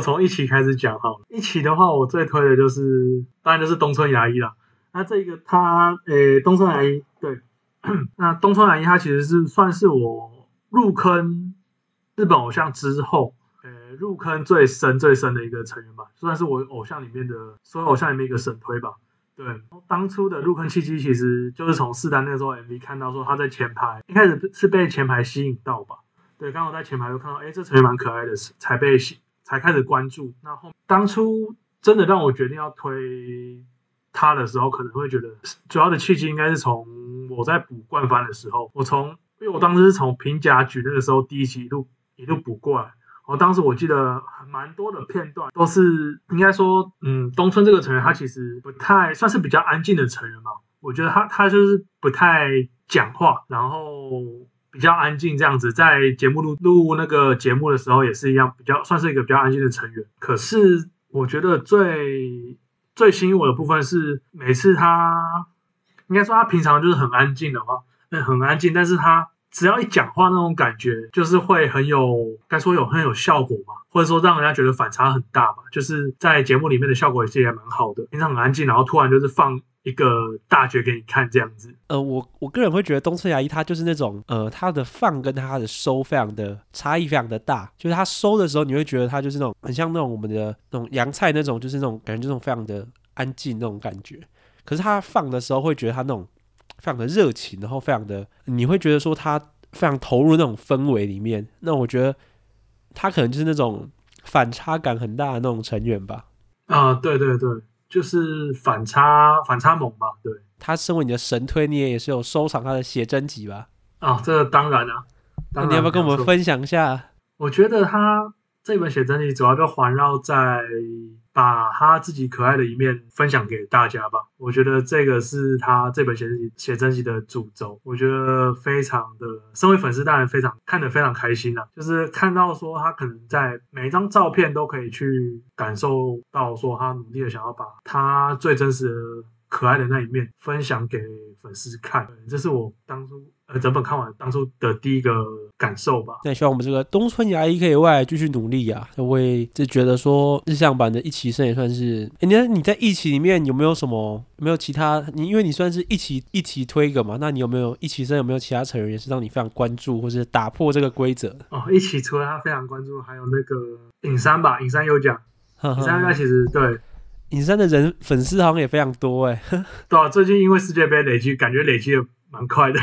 從一期開始講好了。一期的話，我最推的就是，當然就是東村芽依啦，那這個他，誒、欸，東村芽依，對。 那東村芽依他其實是算是我入坑日本偶像之後，誒、欸，入坑最深最深的一個成員吧，算是我偶像裡面的，所有偶像裡面一個神推吧。對，當初的入坑契機其實就是從四單那時候 MV 看到說他在前排，一開始是被前排吸引到吧。對，剛好在前排就看到，哎、欸，這成員蠻可愛的，才被。才開始關注。然後當初真的讓我決定要推他的時候，可能會覺得主要的契機應該是從我在補冠番的時候，我從因為我當時是從平假欅那個時候第一期一路一路補過來。我當時我記得還蠻多的片段，都是應該說，嗯，東村這個成員他其實不太算是比較安靜的成員嘛。我覺得他他就是不太講話，然後。比較安靜這樣子，在節目錄錄那個節目的時候也是一樣，比較算是一個比較安靜的成員。可是我覺得最最吸引我的部分是，每次他應該說他平常就是很安靜的話，嗯，很安靜。但是他只要一講話，那種感覺就是會很有，該說有很有效果吧，或者說讓人家覺得反差很大吧。就是在節目裡面的效果也是也蠻好的，平常很安靜，然後突然就是放。一個大學給你看這樣子，呃，我我個人會覺得東村芽依他就是那種，呃，他的放跟他的收非常的差異非常的大，就是他收的時候你會覺得他就是那種很像那種我們的那種洋菜那種，就是那種感覺就是非常的安靜那種感覺，可是他放的時候會覺得他那種非常的熱情，然後非常的你會覺得說他非常投入那種氛圍裡面，那我覺得他可能就是那種反差感很大的那種成員吧。啊、呃，對對對，對。就是反差反差萌吧，對。他身為你的神推，你也也是有收藏他的寫真集吧？啊、哦，這個，當然啊。然，那你要不要跟我們分享一下？我覺得他這本寫真集主要就環繞在，把他自己可愛的一面分享給大家吧，我覺得這個是他這本寫真寫真集的主軸，我覺得非常的，身為粉絲當然非常看得非常開心啦，啊，就是看到說他可能在每一張照片都可以去感受到說他努力的想要把他最真實的。可愛的那一面分享給粉絲看，這是我當初呃整本看完當初的第一個感受吧。那希望我們這個東村芽依可以未來繼續努力啊！因為就覺得說日向坂的一期生也算是，哎、欸，你看你在一期裡面有沒有什麼，有沒有其他？你因為你算是一期一期推一個嘛，那你有沒有一期生？有沒有其他成員也是讓你非常關注或是打破這個規則？哦，一期除了他非常關注，還有那個影山吧，影山有講， 影山應該其實對。影山的人粉絲好像也非常多哎、欸， 對啊，最近因為世界盃累積，感覺累積也蠻快的。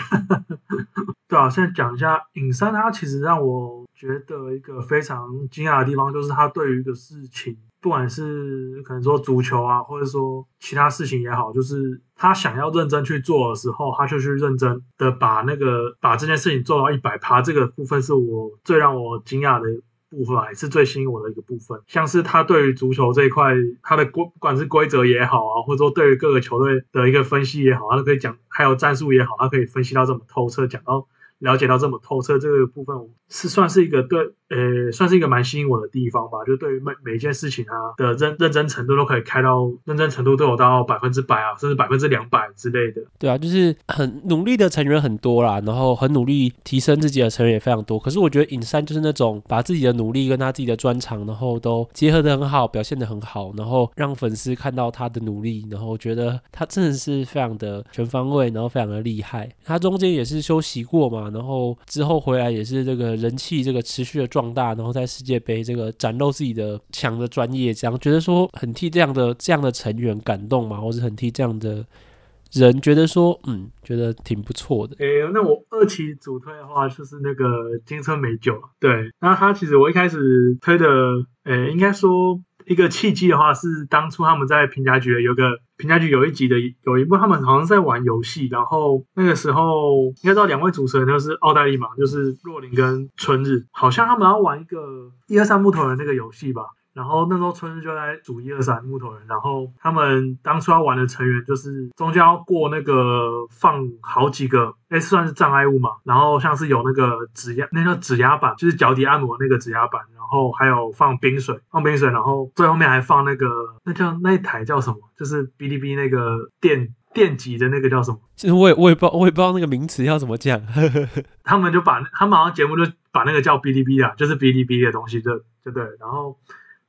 對啊，先講一下影山，他其實讓我覺得一個非常驚訝的地方，就是他對於一個事情，不管是可能說足球啊，或者說其他事情也好，就是他想要認真去做的時候，他就去認真的把那個把這件事情做到一百趴，這個部分是我最讓我驚訝的。部分還、啊、是最吸引我的一個部分，像是他對於足球這一塊，他的規不管是規則也好啊，或者說對於各個球隊的一個分析也好，他都可以講，還有戰術也好，他可以分析到這麼透徹，講到。了解到這麼透徹這個部分是算是一個對呃、欸、算是一個蠻吸引我的地方吧，就對於每每一件事情啊的認認真程度都可以開到認真程度都有到百分之百啊，甚至百分之兩百之類的。對啊，就是很努力的成員很多啦，然後很努力提升自己的成員也非常多。可是我覺得影山就是那種把自己的努力跟他自己的專長，然後都結合得很好，表現得很好，然後讓粉絲看到他的努力，然後我覺得他真的是非常的全方位，然後非常的厲害。他中間也是休息過嘛？然後之後回來也是這個人氣這個持續的壯大，然後在世界杯這個展露自己的強的專業，這樣覺得說很替這樣的這樣的成員感動嘛，或是很替這樣的人覺得說，嗯，覺得挺不錯的。誒、欸，那我二期主推的話就是那個金村美玖，對，那他其實我一開始推的，誒、欸，應該說。一個契機的話，是當初他們在評價局有個評價局有一集的有一部，他們好像在玩遊戲，然後那個時候應該知道兩位主持人就是奧黛麗嘛，就是若林跟春日，好像他們要玩一個一二三木頭人那個遊戲吧。然後那時候春日就在組一二三木頭人，然後他們當初要玩的成員就是中間要過那個放好幾個，誒、欸、算是障礙物嘛，然後像是有那個指壓，那叫指壓板，就是腳底按摩那個指壓板，然後還有放冰水，放冰水，然後最後面還放那個那叫那一台叫什麼，就是ビリビリ那個電電極的那個叫什麼，其實我也我也不知道，我也不知道那個名詞要怎麼講， 他們就把他們好像節目就把那個叫ビリビリ啊，就是ビリビリ的東西就就對，然後。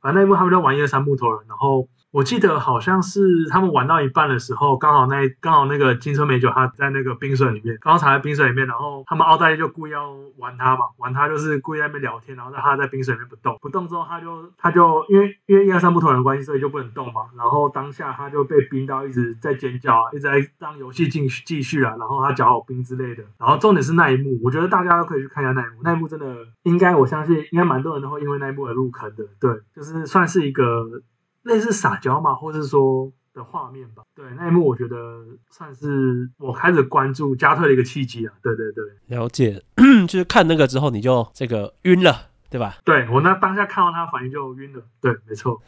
反正因為他們都玩一二三木頭人，然後。我記得好像是他們玩到一半的時候，剛好那剛好那個金村美玖他在那個冰水裡面，剛剛踩在冰水裡面，然後他們澳大利就故意要玩他嘛，玩他就是故意在那邊聊天，然後讓他在冰水裡面不動，不動之後他就他就因為因為一二三木頭人關係，所以就不能動嘛。然後當下他就被冰到一直在尖叫，啊，一直在當遊戲繼續繼續啊，然後他腳好冰之類的。然後重點是那一幕，我覺得大家都可以去看一下那一幕，那一幕真的應該我相信應該蠻多人都會因為那一幕而入坑的，對，就是算是一個。類似撒嬌嘛，或是說的畫面吧。對，那一幕我覺得算是我開始關注加特的一個契機啊。對對對，了解， 就是看那個之後你就這個暈了，對吧？對，我那當下看到他的反應就暈了，對，沒錯。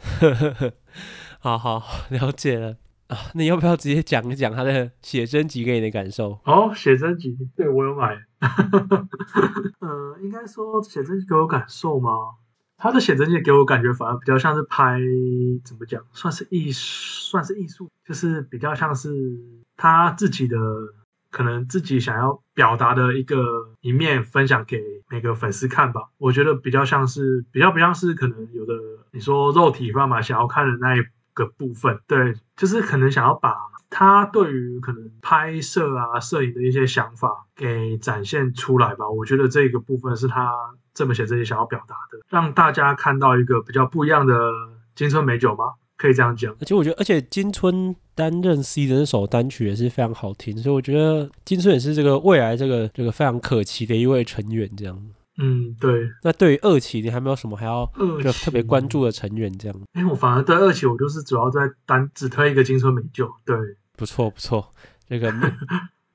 好，好了解了啊，那你要不要直接講一講他的寫真集給你的感受？哦，寫真集，對，我有買。 呃，應該說寫真集給我有感受嗎？他的寫真集給我感覺反而比較像是拍，怎麼講，算是藝術，算是藝術，就是比較像是他自己的，可能自己想要表達的一個一面，分享給每個粉絲看吧。我覺得比較像是比較不像是可能有的你說肉體飯嘛，想要看的那一個部分，對，就是可能想要把他對於可能拍攝啊攝影的一些想法給展現出來吧。我覺得這個部分是他。這麼寫自己想要表達的，讓大家看到一個比較不一樣的金村美玖吧，可以這樣講。而且我覺得，而且金村擔任 C 的那首單曲也是非常好聽，所以我覺得金村也是這個未來這個這個非常可期的一位成員，這樣嗯，對。那對於二期，你還沒有什麼還要就特別關注的成員這樣哎、欸，我反而對二期，我就是主要在單只推一個金村美玖。對，不錯不錯，這、那個。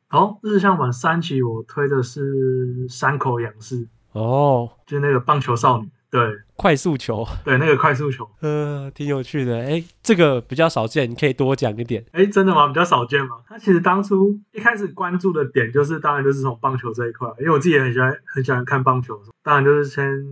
好、 哦，日向坂三期我推的是山口陽世。哦、oh，就是那個棒球少女，對，快速球，對，那個快速球，呃，挺有趣的，哎，這個比較少見，你可以多講一點，哎，真的嗎？比較少見嗎？他其實當初一開始關注的點就是，當然就是從棒球這一塊，因為我自己也很喜歡，很喜歡看棒球，當然就是先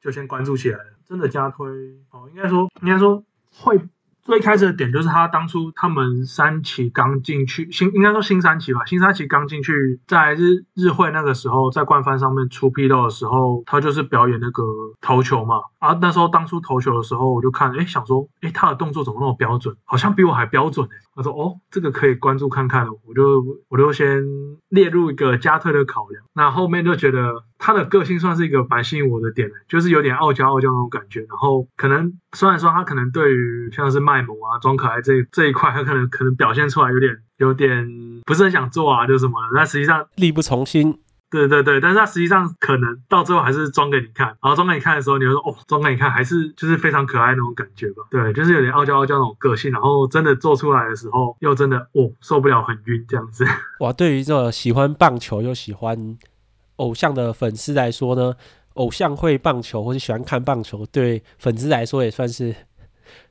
就先關注起來了，真的加推，哦，應該說應該說會。最開始的點就是他當初他們三期剛進去，新，應該說新三期吧，新三期剛進去在日日會那個時候，在冠番上面出 p 到的時候，他就是表演那個投球嘛，啊那時候當初投球的時候，我就看哎、欸、想說哎、欸、他的動作怎麼那麼標準，好像比我還標準。哎、欸。他說：“哦，這個可以關注看看了，我就我就先列入一個加推的考量。那後面就覺得他的個性算是一個蠻吸引我的點，欸，就是有點傲嬌傲嬌那種感覺。然後可能雖然說他可能對於像是賣萌啊、裝可愛這一這一塊，他可能可能表現出來有點有點不是很想做啊，就什麼的。但實際上力不從心。”對對對，但是他實際上可能到最後還是裝給你看，然後裝給你看的時候你會說，你就說哦，裝給你看還是就是非常可愛的那種感覺吧。對，就是有點傲嬌傲嬌那種個性，然後真的做出來的時候又真的哦受不了，很暈這樣子。哇，對於這個，喜歡棒球又喜歡偶像的粉絲來說呢，偶像會棒球或者喜歡看棒球，對粉絲來說也算是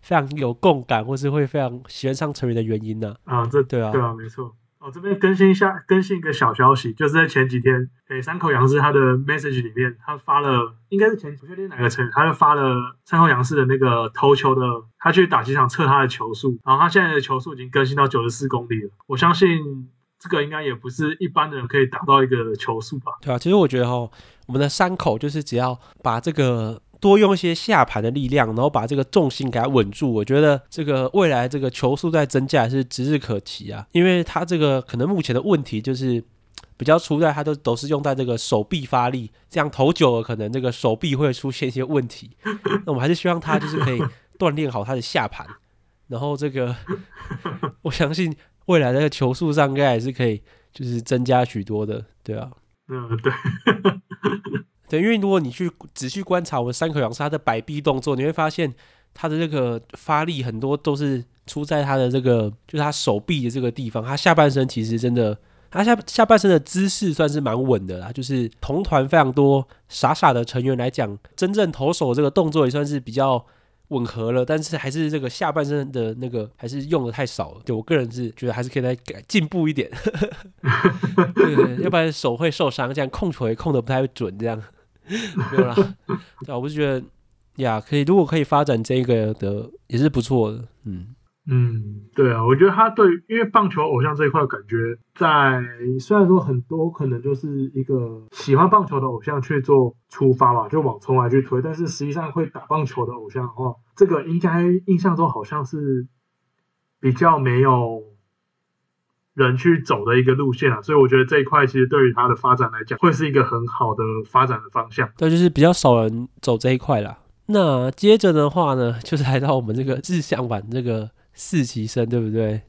非常有共感，或是會非常喜歡上成員的原因呢。啊，這對啊，對啊，沒錯。我這邊更新一下，更新一個小消息，就是在前幾天給山口陽世他的 message 裡面，他發了，應該是前不確定哪個成員，他就發了山口陽世的那個投球的，他去打機場測他的球速，然後他現在的球速已經更新到九十四公里了，我相信這個應該也不是一般的人可以達到一個球速吧？對啊，其實我覺得哈，我們的山口就是只要把這個。多用一些下盤的力量，然後把這個重心給它穩住。我覺得這個未來這個球速在增加是指日可期啊！因為他這個可能目前的問題就是比較出在，他都都是用在這個手臂發力，這樣投久了可能這個手臂會出現一些問題。那我們還是希望他就是可以鍛鍊好他的下盤，然後這個我相信未來的球速上應該也是可以就是增加許多的，對啊，嗯，對。對，因為如果你去仔細觀察我們山口陽世的擺臂動作，你會發現他的這個發力很多都是出在他的這個就是他手臂的這個地方。他下半身其實真的，他下下半身的姿勢算是蠻穩的啦。就是同團非常多傻傻的成員來講，真正投手這個動作也算是比較吻合了。但是還是這個下半身的那個還是用的太少了。對，我個人是覺得還是可以再進步一點， 對，要不然手會受傷，這樣控球也控的不太準，這樣。對 了有啦， 我不是覺得呀，yeah, 可以，如果可以發展這個的，也是不錯的。嗯嗯，對啊，我覺得他對，因為棒球偶像這一塊感覺在，在雖然說很多可能就是一個喜歡棒球的偶像去做出發吧，就往從來去推，但是實際上會打棒球的偶像的話，這個應該印象中好像是比較沒有。人去走的一個路線啊，所以我覺得這一塊其實對於它的發展來講，會是一個很好的發展的方向。對，就是比較少人走這一塊啦。那接着的話呢，就是來到我們這個日向坂這個四期生，對不對？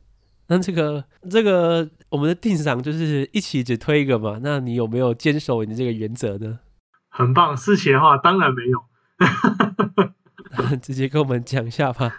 那這個這個我們的定上就是一起只推一個嘛？那你有沒有堅守你的這個原則呢？很棒，四期的話當然沒有， 直接跟我們講一下吧。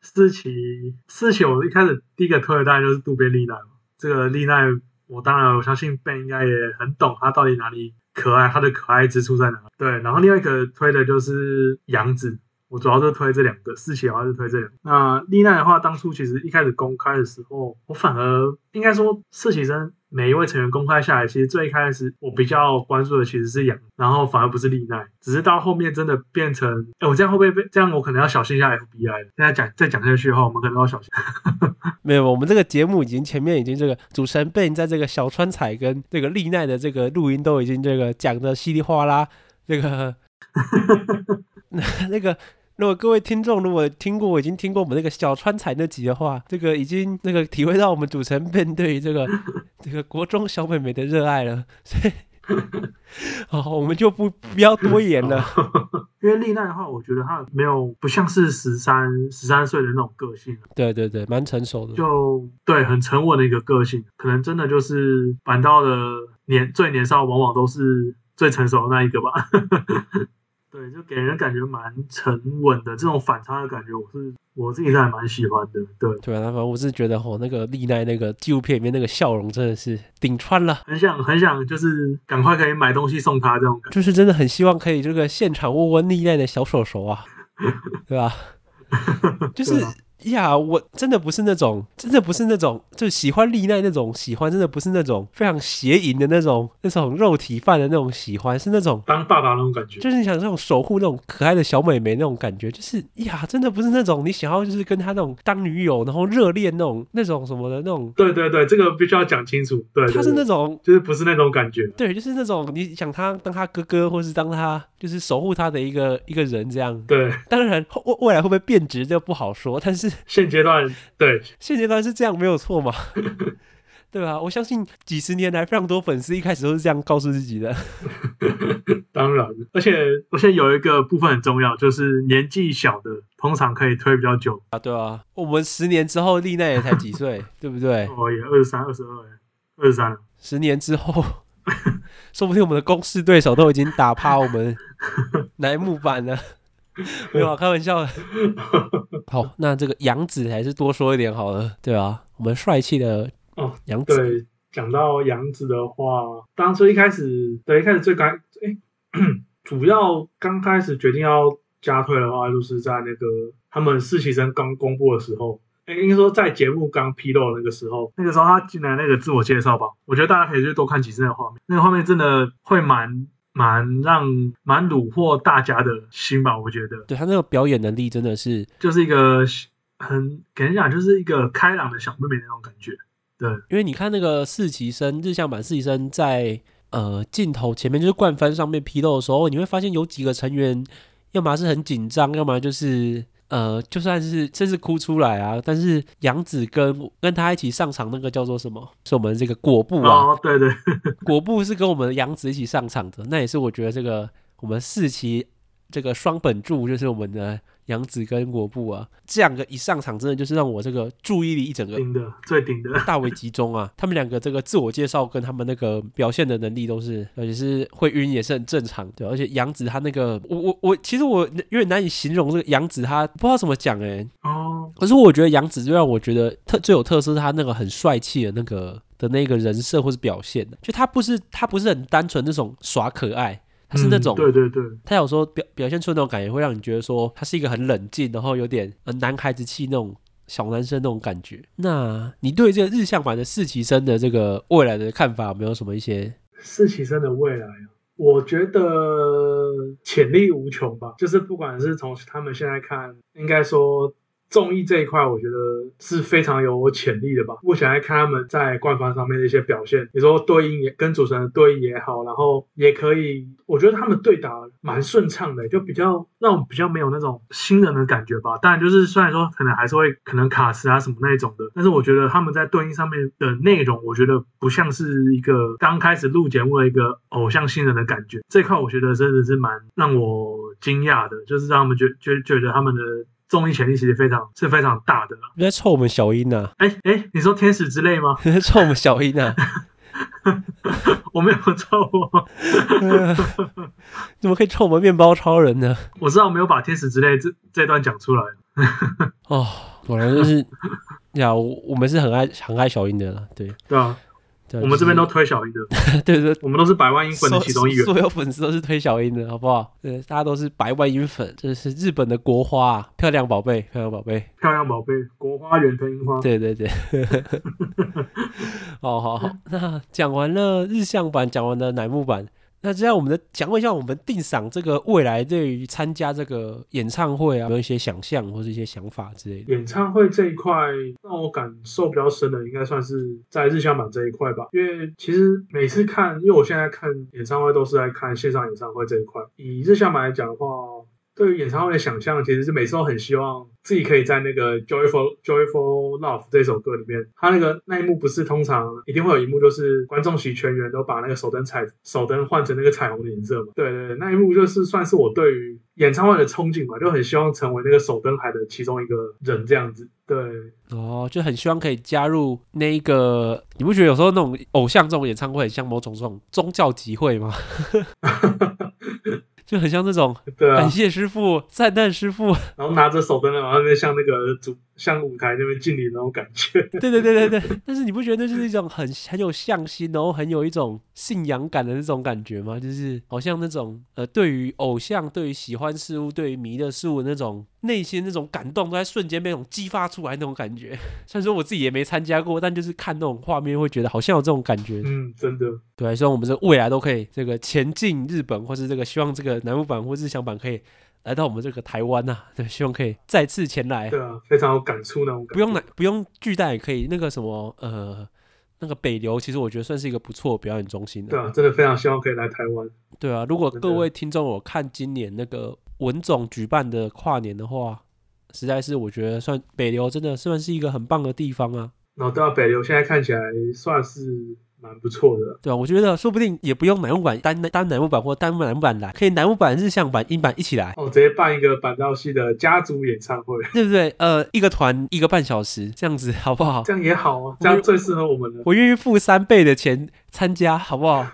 四期，四期，我一開始第一個推的大概就是渡邊麗奈。這個莉奈，我當然我相信 Ben 應該也很懂她到底哪裡可愛，她的可愛之處在哪裡？對，然後另外一個推的就是陽子，我主要是推這兩個，四期的話是推這兩個。那莉奈的話，當初其實一開始公開的時候，我反而應該說四期生。每一位成員公開下來，其實最開始我比較關注的其實是楊，然後反而不是麗奈，只是到後面真的變成，哎、欸，我這樣會不會被這樣？我可能要小心一下 FBI。再講再講下去的話，我們可能要小心。 沒有，我們這個節目已經前面已經這個主持人 Ben 在這個小川彩跟這個麗奈的這個錄音都已經這個講的稀里嘩啦，這個、 那個，那個。如果各位聽眾如果聽過我已經聽過我們那個小川彩那集的話，這個已經那個體會到我們主持人對於這個 這個國中小妹妹的熱愛了。所以 好，我們就不不要多言了， 因為麗奈的話，我覺得她沒有不像是十三十三歲的那種個性。對對對，蠻成熟的，就對很沉穩的一個個性，可能真的就是坂道的年最年少，往往都是最成熟的那一個吧。 對，就給人感覺蠻沉穩的，這種反差的感覺我，我是我自己是還蠻喜歡的。對，對啊，反正我是覺得，吼，那個莉奈那個紀錄片裡面那個笑容真的是頂穿了，很想很想，就是趕快可以買東西送他這種感覺，就是真的很希望可以這個現場握握莉奈的小手手啊， 對吧、啊？ 就是。呀、yeah，我真的不是那種，真的不是那種，就喜歡麗奈那種喜歡，真的不是那種非常邪淫的那種，那種肉體犯的那種喜歡，是那種當爸爸那種感覺，就是你想那種守護那種可愛的小妹妹那種感覺，就是呀，真的不是那種你想要就是跟他那種當女友，然後熱戀那種那種什麼的那種。對對對，這個必須要講清楚。對，對，對，他是那種，就是不是那種感覺，對，就是那種你想他當他哥哥，或是當他就是守護他的一個一個人這樣。對，當然未未來會不會變質這不好說，但是。現階段對，現階段是這樣沒有錯嘛？ 對吧？我相信幾十年來，非常多粉絲一開始都是這樣告訴自己的。 當然，而且我現在有一個部分很重要，就是年紀小的通常可以推比較久啊，對吧、啊？我們十年之後，莉奈也才幾歲， 對不對？哦、oh yeah，也二十三，二十二，二十三。十年之後， 說不定我們的公式對手都已經打趴我們乃木坂了。 沒有，啊，開玩笑的。好、 oh,，那這個楊子還是多說一點好了，對吧？啊？我們帥氣的哦，楊子對，講到楊子的話，當初一開始，對，一開始最剛，哎、欸，主要剛開始決定要加退的話，就是在那個他們四期生剛公布的時候，哎、欸，應該說在節目剛披露那個時候，那個時候他進來那個自我介紹吧，我覺得大家可以去多看幾次那個畫面，那個畫面真的會蠻。蠻讓蠻擄獲大家的心吧，我覺得。對，他那個表演能力真的是，就是一個很給你講，就是一個開朗的小妹妹那種感覺。對，因為你看那個四期生日向坂四期生在呃鏡頭前面就是冠番上面披露的時候，你會發現有幾個成員要，要麼是很緊張，要麼就是。呃，就算是真是哭出來啊，但是陽子跟跟他一起上場那個叫做什麼？是我們這個果歩啊，對對，果歩是跟我們陽子一起上場的，那也是我覺得這個我們四期這個雙本柱，就是我們的。陽子跟果布啊，這兩個一上場，真的就是讓我這個注意力一整個最頂的，大為集中啊！他們兩個這個自我介紹跟他們那個表現的能力都是，而且是會暈也是很正常的，啊。而且陽子他那個，我我我，其實我有點難以形容這個陽子，他不知道怎麼講哎。哦，可是我覺得陽子就讓我覺得特最有特色，是他那個很帥氣的那個的那個人設或是表現，就他不是他不是很單純那種耍可愛。他是那種、嗯，對對對，他有時候表表現出那種感覺，會讓你覺得說他是一個很冷靜，然後有點呃男孩子氣那種小男生那種感覺。那你對這個日向坂的四期生的這個未來的看法，有沒有什麼一些？四期生的未來，我覺得潛力無窮吧。就是不管是從他們現在看，應該說。綜藝這一塊，我覺得是非常有潛力的吧。目前來看他們在官方上面的一些表現，比如說對應也跟主持人對應也好，然後也可以，我覺得他們對答蠻順暢的、欸，就比較讓我比較沒有那種新人的感覺吧。當然，就是雖然說可能還是會可能卡詞啊什麼那一種的，但是我覺得他們在對應上面的內容，我覺得不像是一個剛開始錄節目的一個偶像新人的感覺。這塊我覺得真的是蠻讓我驚訝的，就是讓他們覺覺覺得他們的。綜藝潛力其實非常是非常大的。你在臭我們小英呢？啊？哎、欸、哎、欸，你說天使之淚嗎？ 你在臭我們小英啊？ 我沒有臭我。我、 呃。怎麼可以臭我們麵包超人呢？我知道我沒有把天使之淚這這段講出來。 哦，果然就是你好，我們是很愛很愛小英的了。對對啊。.對我們這邊都推小櫻的， 對對，我們都是百萬櫻粉的其中一員，所有粉絲都是推小櫻的，好不好？對，大家都是百萬櫻粉，這，就是日本的國花，啊，漂亮寶貝，漂亮寶貝，漂亮寶貝，國花，園本櫻花，對對對。哦 好，好好，那講完了日向坂，講完了乃木坂。那接下來，我們的想問一下，我們 Din さん這個未來對於參加這個演唱會啊，有沒有一些想象或者一些想法之類的。演唱會這一塊讓我感受比較深的，應該算是在日向坂這一塊吧。因為其實每次看，因為我現在看演唱會都是在看線上演唱會這一塊。以日向坂來講的話。對於演唱會的想象，其實是每次都很希望自己可以在那個《Joyful Joyful Love》這首歌裡面，他那個那一幕不是通常一定會有一幕，就是觀眾席全員都把那個手燈彩手燈換成那個彩虹的顏色嘛？對對，那一幕就是算是我對於演唱會的憧憬吧，就很希望成為那個手燈海的其中一個人這樣子。對，哦，就很希望可以加入那一個。你不覺得有時候那種偶像這種演唱會，像某種這種宗教集會嗎？ 就很像那種，感謝師傅、讚嘆、啊、師傅，然後拿着手燈在那邊向那個主向舞台那邊敬禮那種感覺。 對對對對對，但是你不覺得那就是一種很很有向心，然後很有一種信仰感的那種感覺嗎？就是好像那種呃，對於偶像、對於喜歡事物、對於迷的事物的那種。內心那種感動都在瞬間被那種激發出來那種感覺，雖然說我自己也沒參加過，但就是看那種畫面會覺得好像有這種感覺。嗯，真的。對，希望我們這未來都可以這個前進日本，或是這個希望這個乃木坂或日向坂可以來到我們這個台灣吶、啊，對，希望可以再次前來。對啊，非常有感觸呢。不用來，不用巨蛋也可以。那個什麼，呃，那個北流其實我覺得算是一個不錯表演中心的、啊。對啊，真的非常希望可以來台灣。對啊，如果各位聽眾，有看今年那個。文總舉辦的跨年的話，實在是我覺得算北流真的算是一個很棒的地方啊。那、哦、到、啊、北流現在看起來算是蠻不錯的，對啊，我覺得說不定也不用乃木坂單單乃木坂或單乃木坂來，可以乃木坂、日向坂、櫻坂一起來。哦，直接辦一個坂道系的家族演唱會， 對不對？呃，一個團一個半小時這樣子好不好？這樣也好啊，這樣最適合我們了。我願意付三倍的錢。參加好不好？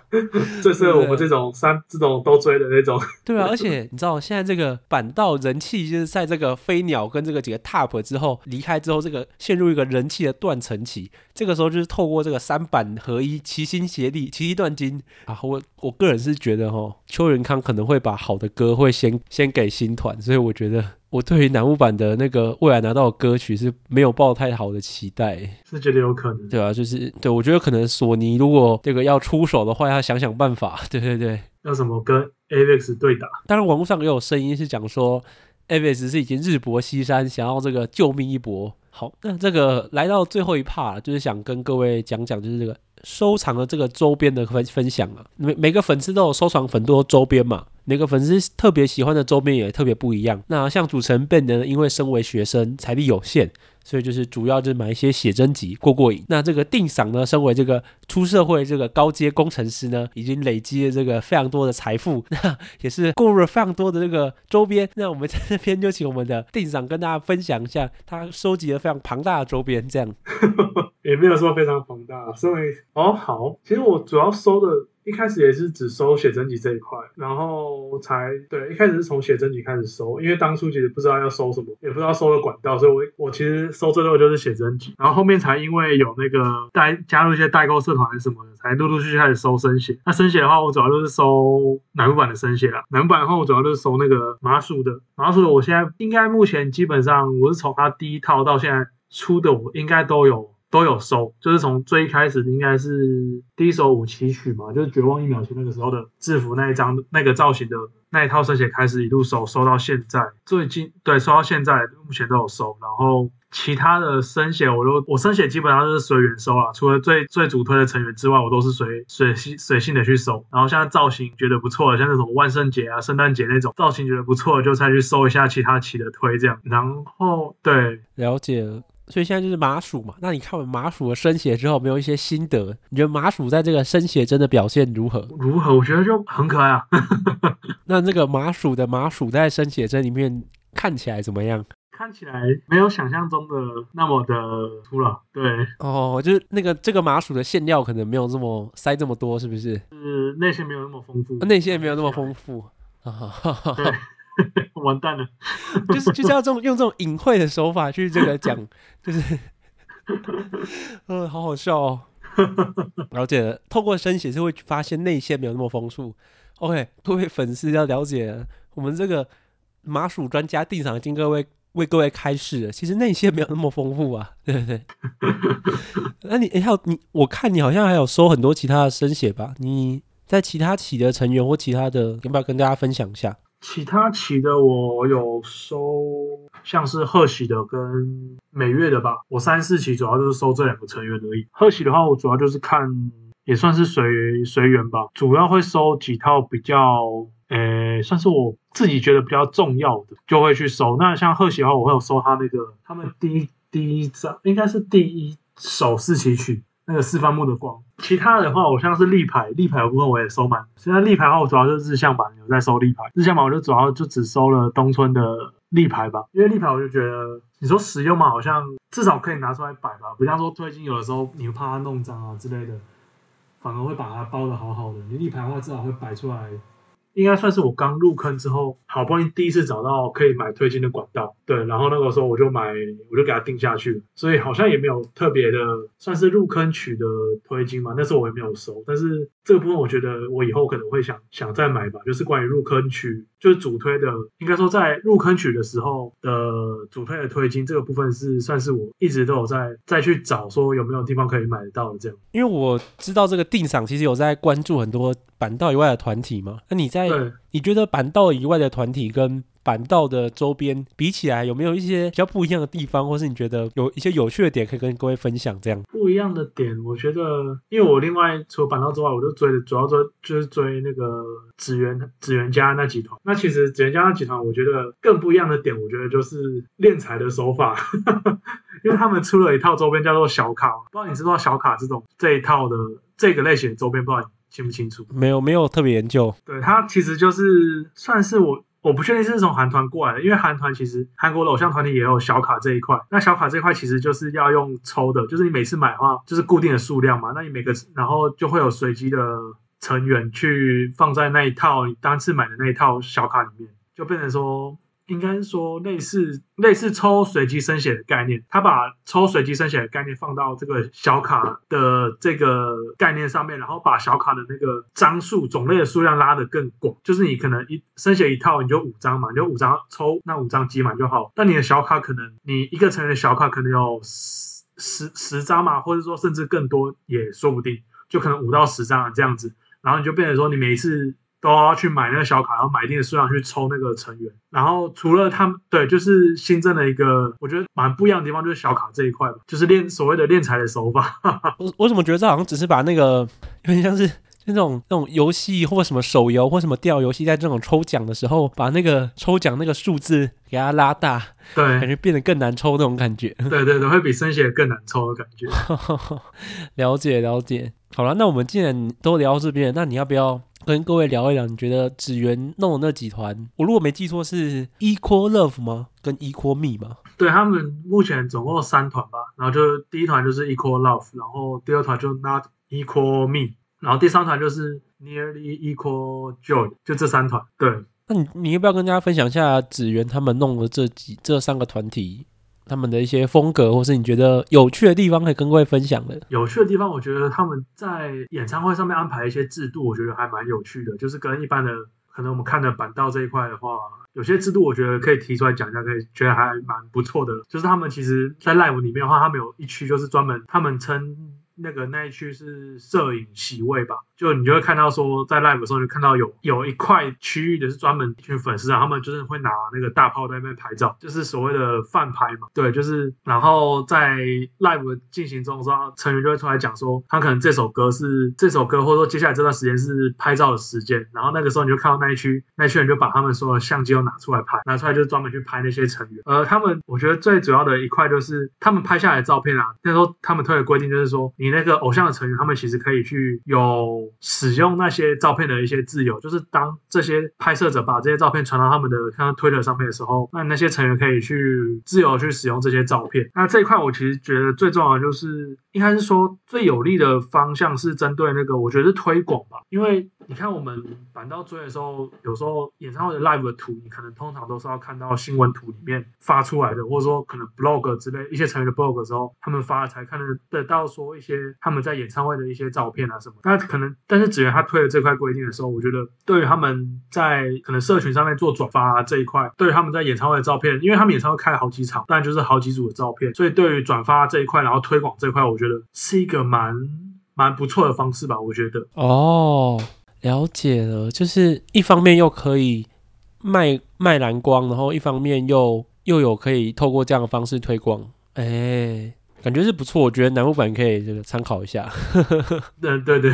最適合我們這種三、 啊、這種都追的那種。對啊， 而且你知道，現在這個坂道人氣就是在這個飛鳥跟這個幾個 TOP 之後離開之後，這個陷入一個人氣的斷層期。這個時候就是透過這個三板合一，齊心協力，齊心斷金啊！我我個人是覺得哦。秋元康可能會把好的歌會先先給新團，所以我覺得我對於乃木坂的那個未來拿到的歌曲是沒有抱太好的期待，是覺得有可能，對啊，就是對我覺得可能索尼如果這個要出手的話，要想想辦法，對對對，要怎麼跟 Avex 對打？當然網絡上也有聲音是講說 Avex 是已經日薄西山，想要這個救命一搏。好，那這個來到最後一趴，就是想跟各位講講，就是這個收藏的這個周邊的分分享啊。每每個粉絲都有收藏很多周邊嘛，每個粉絲特別喜歡的周邊也特別不一樣。那像主持人本人，因為身為學生，財力有限。所以就是主要就是買一些寫真集過過癮。那這個 Din さん呢，身為這個出社會這個高階工程師呢，已經累積了這個非常多的財富，那也是購入了非常多的這個周邊。那我們在這邊就請我們的 Din さん跟大家分享一下他收集了非常龐大的周邊，這樣 也沒有說非常龐大。所以哦好，其實我主要收的。一開始也是只收寫真集這一塊，然後才對，一開始是從寫真集開始收，因為當初其實不知道要收什麼，也不知道收的管道，所以我，我我其實收最多就是寫真集，然後後面才因為有那個代加入一些代購社團什麼的，才陸陸續續開始收生寫。那生寫的話，我主要就是收男版的生寫啦，男版的話，我主要就是收那個麻薯的，麻薯的，我現在應該目前基本上我是從他第一套到現在出的，我應該都有。都有收，就是從最一開始應該是第一首五期曲嘛，就是絕望一秒前那個時候的制服那一張那個造型的那一套生寫開始一路收，收到現在最近對，收到現在目前都有收。然後其他的生寫我都我生寫基本上就是隨緣收啊，除了最最主推的成員之外，我都是隨隨性隨性的去收。然後像造型覺得不錯的，像那種萬聖節啊、聖誕節那種造型覺得不錯的，就再去收一下其他期的推這樣。然後對了解了所以現在就是麻薯，嘛，那你看完麻薯的生寫之後，沒有一些心得？你覺得麻薯在這個生寫真的表現如何？如何？我覺得就很可愛。啊。 那這個麻薯的麻薯在生寫真裡面看起來怎麼樣？看起來沒有想象中的那麼的粗了。對。哦，就是那個這個麻薯的餡料可能沒有這麼塞這麼多，是不是？是內餡沒有那麼豐富。內餡沒有那麼豐富。哈哈哈。 完蛋了， 就是就是要這種用這種隱晦的手法去這個講，就是，嗯，好好笑哦。了解了，透過生寫是會發現內線沒有那麼豐富。OK，各位粉絲要了解，我們這個麻薯專家 Din さん已經各位為各位開示，其實內線沒有那麼豐富啊，對不對？那你還有你，我看你好像還有收很多其他的生寫吧？你在其他企的成員或其他的，要不要跟大家分享一下？其他期的我有收，像是賀喜的跟美月的吧。我三四期主要就是收這兩個成員而已。賀喜的話，我主要就是看，也算是隨隨緣吧。主要會收幾套比較，誒、欸，算是我自己覺得比較重要的，就會去收。那像賀喜的話，我會有收他那個他們第一第一張，應該是第一首四期曲。那個四番目的光，其他的話我像是立牌，立牌部分我也收滿。現在立牌的話，我主要就是日向坂，我在收立牌。日向坂我就主要就只收了東村的立牌吧，因為立牌我就覺得，你說實用嘛，好像至少可以拿出來擺吧，不像說最近有的時候，你會怕它弄髒啊之類的，反而會把它包的好好的。你立牌的話至少會擺出來。應該算是我剛入坑之後，好不容易第一次找到可以買推金的管道，對，然後那個時候我就買，我就給它定下去了，所以好像也沒有特別的算是入坑曲的推金嘛，那時候我也沒有收，但是這個部分我覺得我以後可能會想想再買吧，就是關於入坑曲。就是主推的，應該說在入坑曲的時候的主推的推金這個部分是算是我一直都有在再去找說有沒有地方可以買得到的這樣，因為我知道這個 Din さん其實有在關注很多坂道以外的團體嘛，那、啊、你在。對你覺得坂道以外的團體跟坂道的周邊比起來，有沒有一些比較不一樣的地方，或是你覺得有一些有趣的點可以跟各位分享？這樣不一樣的點，我覺得，因為我另外除了坂道之外，我就追的，主要追就是追那個指原，指原家那幾團。那其實指原家那幾團，我覺得更不一樣的點，我覺得就是斂財的手法， 因為他們出了一套周邊叫做小卡，不知道你知不知道小卡這種這一套的這個類型的周邊，不知道你清不清楚？沒有，沒有特別研究。對，它其實就是算是我，我不確定是從韓團過來的，因為韓團其實韓國的偶像團體也有小卡這一塊。那小卡這一塊其實就是要用抽的，就是你每次買的話，就是固定的數量嘛。那你每個然後就會有隨機的成員去放在那一套你當次買的那一套小卡裡面，就變成說。應該是說類似類似抽隨機生寫的概念，他把抽隨機生寫的概念放到這個小卡的這個概念上面，然後把小卡的那個張數種類的數量拉得更廣。就是你可能一生寫一套你就五張嘛，你就五張抽那五張機嘛就好。但你的小卡可能你一個成員小卡可能有十十十張嘛，或者說甚至更多也說不定，就可能五到十張啊這樣子，然後你就變成說你每一次。都要去買那個小卡，然後買一定的數量去抽那個成員。然後除了他們，對，就是新增的一個，我覺得蠻不一樣的地方就是小卡這一塊吧，就是斂，所謂的斂財的手法。 我我怎麼覺得這好像只是把那個有點像是。那種那種遊戲或什麼手遊或什麼電腦遊戲，在這種抽獎的時候，把那個抽獎那個數字給它拉大，對，感覺變得更難抽那種感覺。對對對，會比生寫更難抽的感覺。 了解了解。好了，那我們既然都聊到這邊，那你要不要跟各位聊一聊？你覺得指原弄的那幾團，我如果沒記錯是 Equal Love 嗎？跟 Equal Me 嗎？對他們目前總共有三團吧，然後就第一團就是 Equal Love，然後第二團就 Not Equal Me。然後第三團就是 Nearly Equal Joy，就這三團。對，那你你要不要跟大家分享一下指原他們弄的這幾這三個團體，他們的一些風格，或是你覺得有趣的地方，可以跟各位分享的？有趣的地方，我覺得他們在演唱會上面安排一些制度，我覺得還蠻有趣的。就是跟一般的，可能我們看的坂道這一塊的話，有些制度我覺得可以提出來講一下，可以覺得還蠻不錯的。就是他們其實，在 live 裡面的話，他們有一區就是專門，他們稱。那個那一區是攝影席位吧，就你就會看到說，在 live 的時候你就看到有有一塊區域的是專門一群粉絲啊，他們就是會拿那個大炮在那邊拍照，就是所謂的飯拍嘛。對，就是然後在 live 進行中的時候，成員就會出來講說，他可能這首歌是這首歌，或者說接下來這段時間是拍照的時間，然後那個時候你就看到那一區，那一區人就把他們所有的相機都拿出來拍，拿出來就專門去拍那些成員。呃，他們我覺得最主要的一塊就是他們拍下來的照片啊，那時候他們特別規定就是說。你那個偶像的成員，他們其實可以去有使用那些照片的一些自由，就是當這些拍攝者把這些照片傳到他們的像推特上面的時候，那那些成員可以去自由去使用這些照片。那這一塊我其實覺得最重要的就是，應該是說最有利的方向是針對那個，我覺得是推廣吧，因為。你看，我們坂道追的時候，有時候演唱會的 live 的圖，你可能通常都是要看到新聞圖裡面發出來的，或者說可能 blog 之類一些成員的 blog 之後，他們發了才看得得到說一些他們在演唱會的一些照片啊什麼。但可能，但是只要指原他推了這塊規定的時候，我覺得對於他們在可能社群上面做轉發、啊、這一塊，對於他們在演唱會的照片，因為他們演唱會開了好幾場，但就是好幾組的照片，所以對於轉發這一塊，然後推廣這塊，我覺得是一個蠻蠻不錯的方式吧，我覺得哦。Oh. 了解了，就是一方面又可以賣賣藍光，然後一方面又又有可以透過這樣的方式推廣，哎、欸，感覺是不錯。我覺得乃木坂可以這個參考一下。 對對對，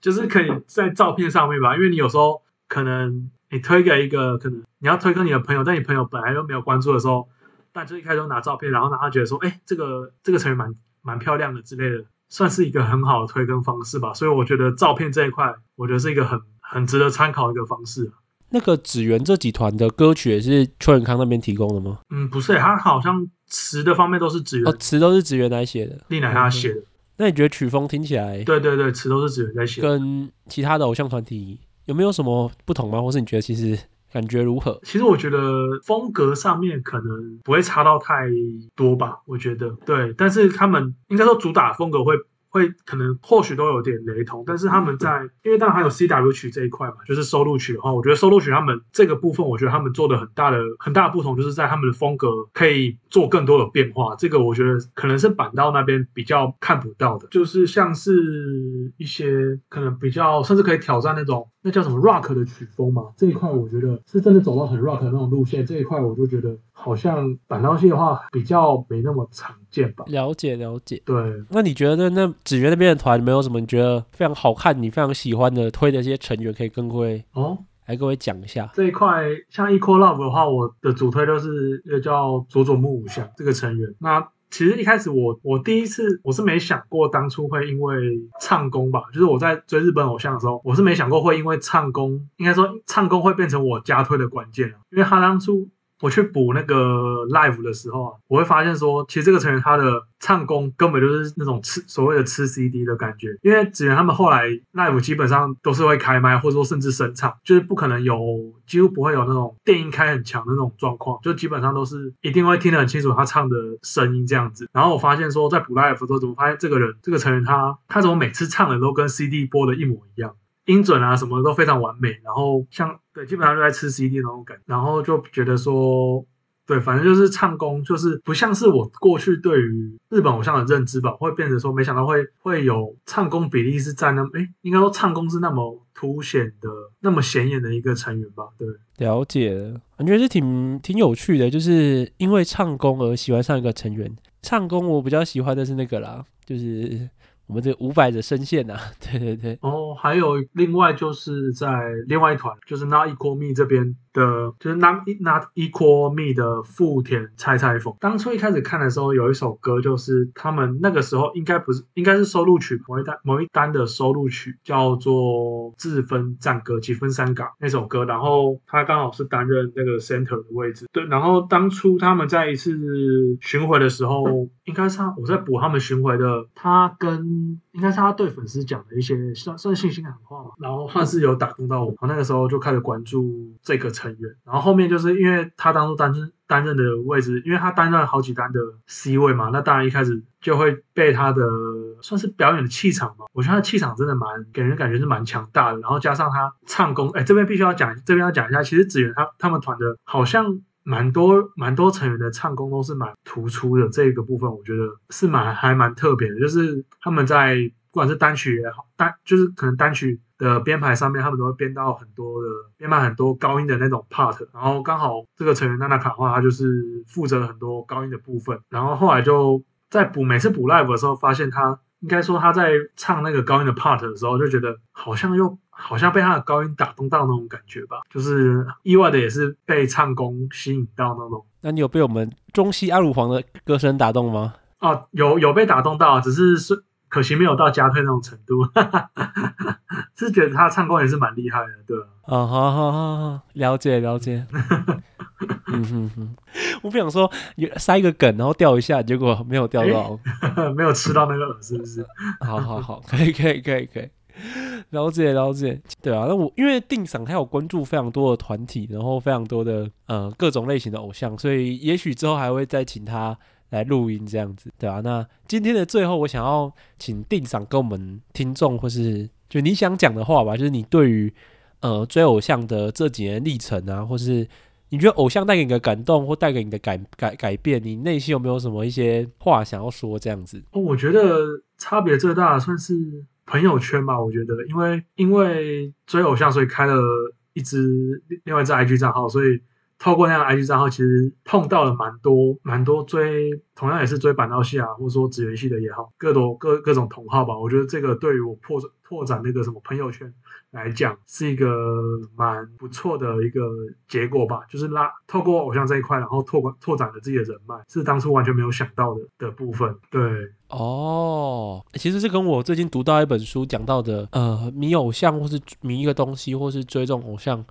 就是可以在照片上面吧，因爲你有時候可能你推給一個，可能你要推給你的朋友，但你朋友本來又沒有關注的時候，那就是一開始都拿照片，然後讓他覺得說，哎、欸，這個這個成員蠻蠻漂亮的之類的。算是一個很好的推根方式吧，所以我覺得照片這一塊，我覺得是一個很很值得參考的一個方式，啊。那個指原這幾團的歌曲也是秋元康那邊提供的嗎？嗯，不是，欸，他好像詞的方面都是指原，詞、哦、都是指原來寫的，莉乃他寫的。Okay. 那你覺得曲風聽起來？對對對，詞都是指原在寫。跟其他的偶像團體有沒有什麼不同嗎？或是你覺得其實？感覺如何？其實我覺得風格上面可能不會差到太多吧，我覺得。對，但是他們應該說主打風格會。會可能或許都有點雷同，但是他們在因為當然還有 CW 曲這一塊嘛，就是收錄曲的話，我覺得收錄曲他們這個部分，我覺得他們做的很大的很大的不同，就是在他們的風格可以做更多的變化。這個我覺得可能是坂道那邊比較看不到的，就是像是一些可能比較甚至可以挑戰那種，那叫什麼 rock 的曲風嘛，這一塊我覺得是真的走到很 rock 的那種路線，這一塊我就覺得。好像坂道系的話比較沒那麼常見吧？了解了解。對，那你覺得那指原那邊的團有沒有什麼你覺得非常好看、你非常喜歡的推的一些成員可以跟各位哦，來各位講一下這一塊。像 Equal Love 的話，我的主推就是又叫佐佐木舞香這個成員。那其實一開始我我第一次我是沒想過，當初會因為唱功吧，就是我在追日本偶像的時候，我是沒想過會因為唱功，應該說唱功會變成我加推的關鍵、啊、因為他當初。我去補那個 live 的時候啊，我會發現說，其實這個成員他的唱功根本就是那種吃所謂的吃 C D 的感覺。因為子源他們後來 live 基本上都是會開麥，或者說甚至聲唱，就是不可能有幾乎不會有那種電音開很強的那種狀況，就基本上都是一定會聽得很清楚他唱的聲音這樣子。然後我發現說，在補 live 的時候，怎麼發現這個人這個成員他他怎麼每次唱的都跟 C D 播的一模一樣，音準啊什麼的都非常完美，然後像。基本上就在吃 CD 那種感覺，然後就覺得說，對，反正就是唱功，就是不像是我過去對於日本偶像的認知吧，會變成說，沒想到會會有唱功比例是占那麼，哎，應該說唱功是那麼凸顯的、那麼顯眼的一個成員吧？對，了解，感覺是挺挺有趣的，就是因為唱功而喜歡上一個成員，唱功我比較喜歡的是那個啦，就是。我們這五百的聲線啊，對對對。哦，還有另外就是在另外一團，就是ノイミー這邊。的，就是 not not equal me 的冨田菜菜風。當初一開始看的時候，有一首歌，就是他們那個時候應該不是，應該是收錄曲，某一單某一單的收錄曲，叫做《自分戰歌》《幾分三港》那首歌。然後他剛好是擔任那個 center 的位置。對，然後當初他們在一次巡回的時候，應該是他我在補他們巡回的，他跟。應該是他對粉絲講的一些算算是信心喊話嘛、嗯，然後算是有打動到我，然後那個時候就開始關注這個成員，然後後面就是因為他當初擔任擔任的位置，因為他擔任了好幾單的 C 位嘛，那當然一開始就會被他的算是表演的氣場嘛，我覺得他氣場真的蠻給人感覺是蠻強大的，然後加上他唱功，哎、欸，這邊必須要講，這邊要講一下，其實子元他他們團的好像。蠻多蠻多成員的唱功都是蠻突出的，這個部分我覺得是蠻還蠻特別的。就是他們在不管是單曲也好，單就是可能單曲的編排上面，他們都會編到很多的編排很多高音的那種 part。然後剛好這個成員娜娜卡的話，她就是負責了很多高音的部分。然後後來就在補每次補 live 的時候，發現她。應該說他在唱那個高音的 part 的時候，就覺得好像又好像被他的高音打動到那種感覺吧，就是意外的也是被唱功吸引到那種。那你有被我們中西アルノ的歌聲打動嗎？哦、啊，有有被打動到，只是是可惜沒有到加推那種程度， 是覺得他唱功也是蠻厲害的，對哦、啊，好好好好，了解了解。 嗯哼哼，我不想說塞一個梗，然後釣一下，結果沒有釣到，欸、 沒有吃到那個餌，是不是？ 好，好，好，可以，可以，可以，可以，了解，了解。對啊。那我因為 Din さん他有關注非常多的團體，然後非常多的呃各種類型的偶像，所以也許之後還會再請他來錄音這樣子，對啊。那今天的最後，我想要請 Din さん跟我們聽眾或是就你想講的話吧，就是你對於呃追偶像的這幾年歷程啊，或是。你覺得偶像帶給你的感動，或帶給你的改改改變，你內心有沒有什麼一些話想要說？這樣子。我覺得差別最大的算是朋友圈吧。我覺得，因為因為追偶像，所以開了一支另外一支 IG 賬號，所以透過那個 IG 賬號，其實碰到了蠻多蠻多追同樣也是追坂道系啊，或者說指原系的也好，各種各各種同好吧。我覺得這個對於我破拓展那個什麼朋友圈，來講是一個蠻不錯的一個結果吧，就是拉透過偶像這一塊，然後拓拓展了自己的人脈，是當初完全沒有想到的的部分。對，哦，其實是跟我最近讀到一本書講到的，呃，迷偶像或是迷一個東西或是追蹤偶像，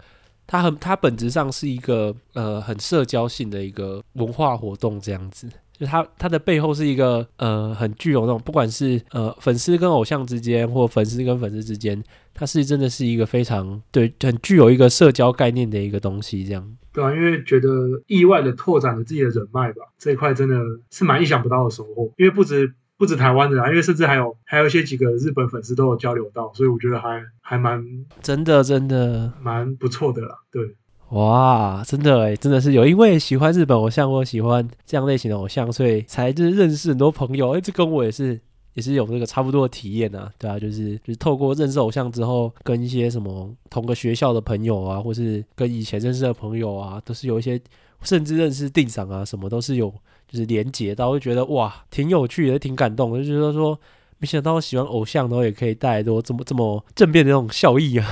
它很，它本質上是一個呃很社交性的一個文化活動這樣子。就他他的背後是一個呃很具有的那種不管是呃粉絲跟偶像之間或粉絲跟粉絲之間，他是真的是一個非常對很具有一個社交概念的一個東西這樣。對啊，因為覺得意外的拓展了自己的人脈吧，這一塊真的是蠻意想不到的收穫。因為不止不止台灣的啊，因為甚至還有還有一些幾個日本粉絲都有交流到，所以我覺得還還蠻真的真的蠻不錯的啦，對。哇，真的哎，真的是有，因為喜歡日本偶像，或喜歡這樣類型的偶像，所以才就是認識很多朋友。欸、這跟我也是，也是有這個差不多的體驗啊，對啊，就是就是透過認識偶像之後，跟一些什麼同個學校的朋友啊，或是跟以前認識的朋友啊，都是有一些甚至認識定長啊什麼，都是有就是連結到，就覺得哇，挺有趣的，也挺感動的，就覺、是、得說沒想到我喜歡偶像然後也可以帶來多這麼這麼正面的這種效益啊。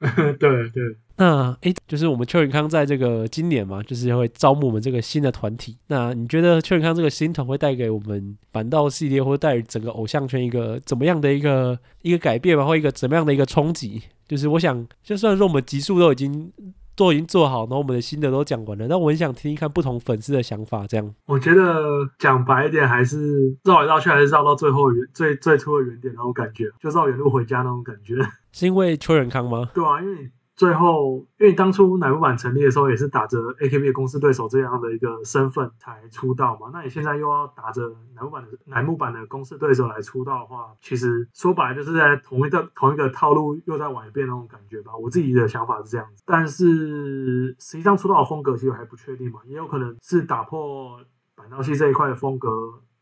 對 對。對那哎，就是我們秋元康在這個今年嘛，就是會招募我們這個新的團體。那你覺得秋元康這個新團會帶給我們坂道系列，或帶整個偶像圈一個怎麼樣的一個一個改變吧，或一個怎麼樣的一個衝擊？就是我想，就算說我們集數都已經都已經做好，然後我們的新的都講完了，那我很想聽一看不同粉絲的想法。這樣，我覺得講白一點，還是繞來繞去，還是繞到最後原最最初的原點的那種感覺，就繞遠路回家那種感覺。是因為秋元康嗎？對啊，因為。最後，因為當初乃木坂成立的時候也是打着 AKB 的公司對手這樣的一個身份才出道嘛，那你現在又要打着乃木坂的乃木坂的公司對手來出道的話，其實說白了就是在同一個同一個套路又在玩一遍那種感覺吧。我自己的想法是這樣子，但是實際上出道的風格其實還不確定嘛，也有可能是打破坂道系這一塊的風格，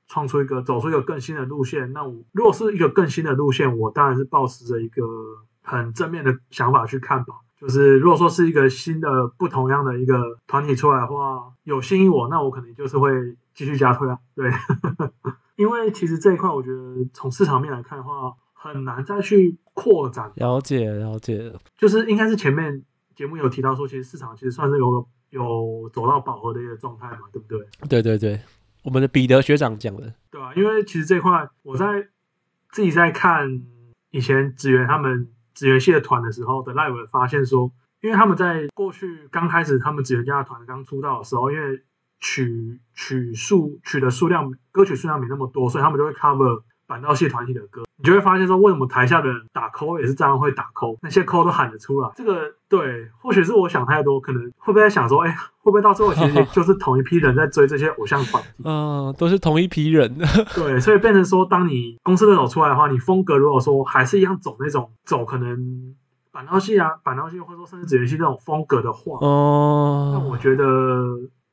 創出一個走出一個更新的路線。那我如果是一個更新的路線，我當然是抱持着一個。很正面的想法去看吧，就是如果說是一個新的、不同樣的一個團體出來的話，有吸引我，那我可能就是會繼續加推啊。對， 因為其實這一塊，我覺得從市場面來看的話，很難再去擴展。了解了，了解了，就是應該是前面節目有提到說，其實市場其實算是有有走到飽和的一個狀態嘛，對不對？對對對，我們的彼得學長講的，對啊，因為其實這塊我在自己在看以前職員他們。指原系的團的時候，的 Live 發現說，因為他們在過去剛開始他們指原家的團剛出道的時候，因為曲曲數曲的數量歌曲數量沒那麼多，所以他們就會 cover。坂道系團體的歌，你就會發現說，為什麼台下的人打 call 也是這樣會打 call，那些 call 都喊得出來。這個對，或許是我想太多，可能會不會在想說，哎、欸，會不會到最後其實就是同一批人在追這些偶像團體？嗯、uh,，都是同一批人。 對，所以變成說，當你公司的走出來的話，你風格如果說還是一樣走那種走可能坂道系啊，坂道系或說甚至指原系那種風格的話，哦，那我覺得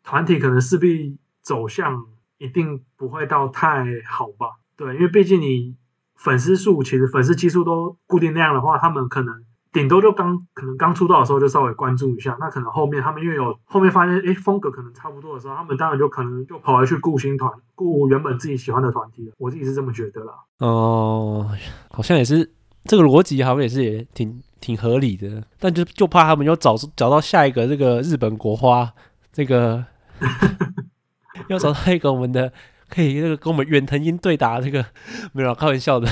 團體可能勢必走向一定不會到太好吧。對，因為畢竟你粉絲數，其實粉絲基數都固定那樣的話，他們可能頂多就剛可能剛出道的時候就稍微關注一下，那可能後面他們因為有後面發現，哎、欸，風格可能差不多的時候，他們當然就可能就跑來去顧新團，顧原本自己喜歡的團體，我自己是這麼覺得啦。哦，好像也是這個邏輯，好像也是也挺挺合理的，但就就怕他們又找找到下一個這個日本國花，這個，要 找到一個我們的。 可以那個跟我們遠藤英對打，這個沒有開玩笑的。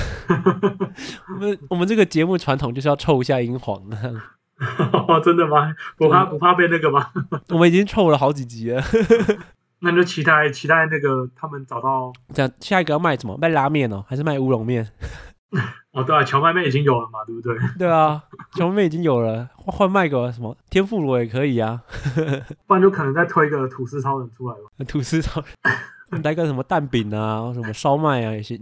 我們我們這個節目傳統就是要臭一下英皇的 、哦，真的嗎？不怕不怕被那個嗎？ 我們已經臭了好幾集了 那就期待期待那個他們找到。講下，下一個要賣什麼？賣拉麵哦、喔，還是賣烏龍麵？ 哦，對啊，蕎麥麵已經有了嘛，對不對？ 對啊，蕎麥麵已經有了，換賣個什麼天婦羅也可以啊。 不然就可能再推一個吐司超人出來吧。吐司超人。 帶個什麼蛋餅啊，什麼燒麥啊也行。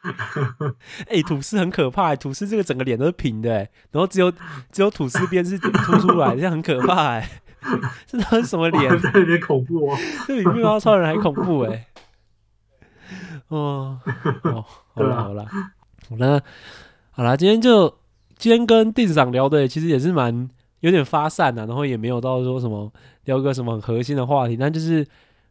哎、 欸，吐司很可怕、欸，吐司這個整個臉都是平的、欸，然後只有只有吐司邊是凸出來的，這 樣很可怕、欸。 這都是什麼臉？有點恐怖哦、啊， 這比麵包超人還恐怖誒、欸 哦，哦，好了好了，好了 好，好，好，好啦，今天就今天跟 Din 桑聊的，其實也是蠻有點發散的、啊，然後也沒有到說什麼聊個什麼很核心的話題，那就是。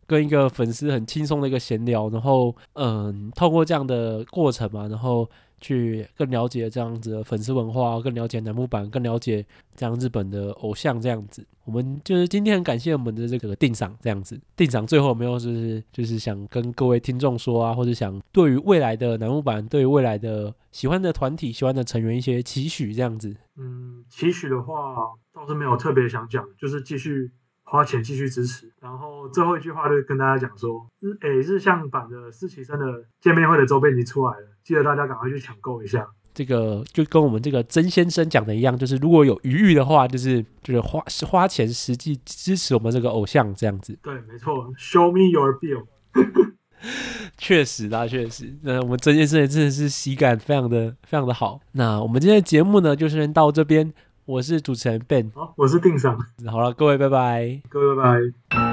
跟一個粉絲很輕鬆的一個閒聊，然後嗯，透過這樣的過程嘛，然後去更了解這樣子的粉絲文化，更了解乃木坂，更了解這樣日本的偶像這樣子。我們就是今天很感謝我們的這個 Din 桑這樣子，Din 桑最後有沒有、就是就是想跟各位聽眾說啊，或者想對於未來的乃木坂，對於未來的喜歡的團體、喜歡的成員一些期許這樣子？嗯，期許的話倒是沒有特別想講，就是繼續。花錢繼續支持，然後最後一句話就跟大家講說，日、欸、誒，日向坂的四期生的見面會的週邊已經出來了，記得大家趕快去搶購一下。這個就跟我們這個曾先生講的一樣，就是如果有餘裕的話，就是就是花是花錢實際支持我們這個偶像這樣子。對，沒錯，Show me your bill。確 實啦，確實，那我們曾先生也真的是喜感非常的非常的好。那我們今天的節目呢，就是先到這邊。我是主持人 Ben，好、哦，我是 Din さん。好了，各位，拜拜，各位，拜拜。